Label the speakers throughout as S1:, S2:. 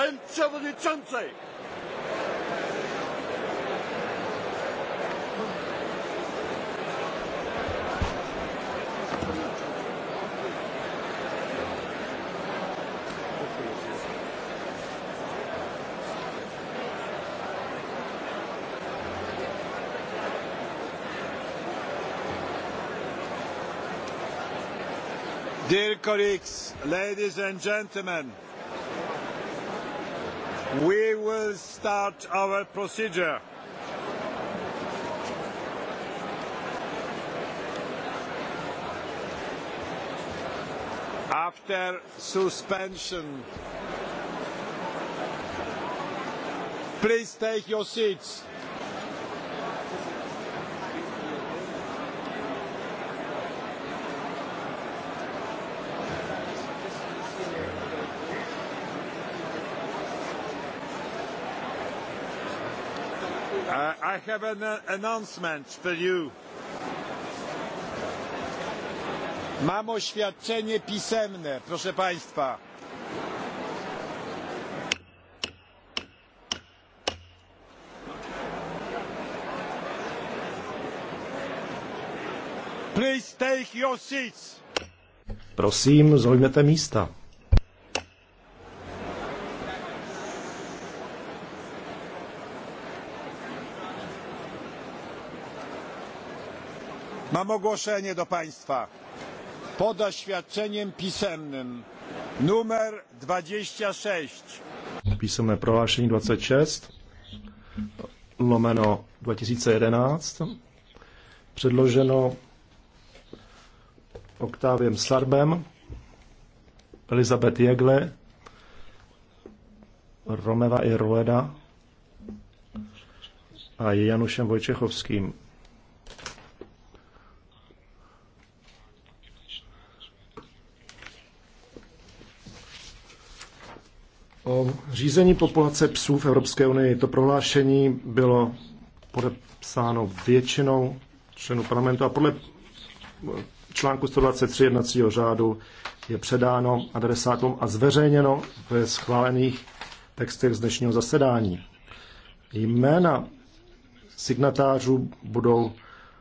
S1: Pan przewodniczący! Dear colleagues, ladies and gentlemen, We will start our procedure. After suspension, please take your seats. I have an uh, announcement for you. Mam oświadczenie pisemne, proszę Państwa. Please take your seats.
S2: Prosím, zaujměte místa.
S1: Mam ogłoszenie do Państwa. Pod oświadczeniem pisemnym numer 26.
S2: Písemné prohlášení 26 lomeno 2011 předloženo Oktáviem Sarbem, Elizabet Jegle, Romeva i Rueda a Janušem Vojčechovským. o řízení populace psů v Evropské unii. To prohlášení bylo podepsáno většinou členů parlamentu a podle článku 123 jednacího řádu je předáno adresátům a zveřejněno ve schválených textech z dnešního zasedání. Jména signatářů budou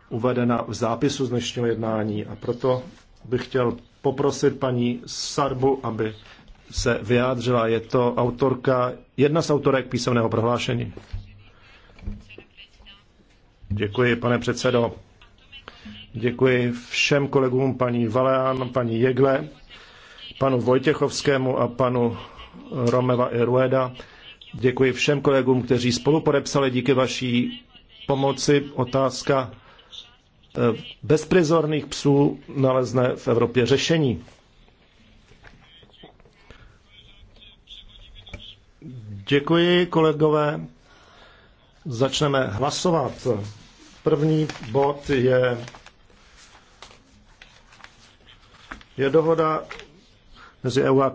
S2: uvedena v zápisu z dnešního jednání a proto bych chtěl poprosit paní Sarbu, aby se vyjádřila. Je to autorka, jedna z autorek písemného prohlášení. Děkuji, pane předsedo. Děkuji všem kolegům, paní Valeán, paní Jegle, panu Vojtěchovskému a panu Romeva i Rueda. Děkuji všem kolegům, kteří spolu podepsali díky vaší pomoci. Otázka eh, bezprizorných psů nalezne v Evropě řešení. Děkuji, kolegové. Začneme hlasovat. První bod je, je dohoda mezi EU a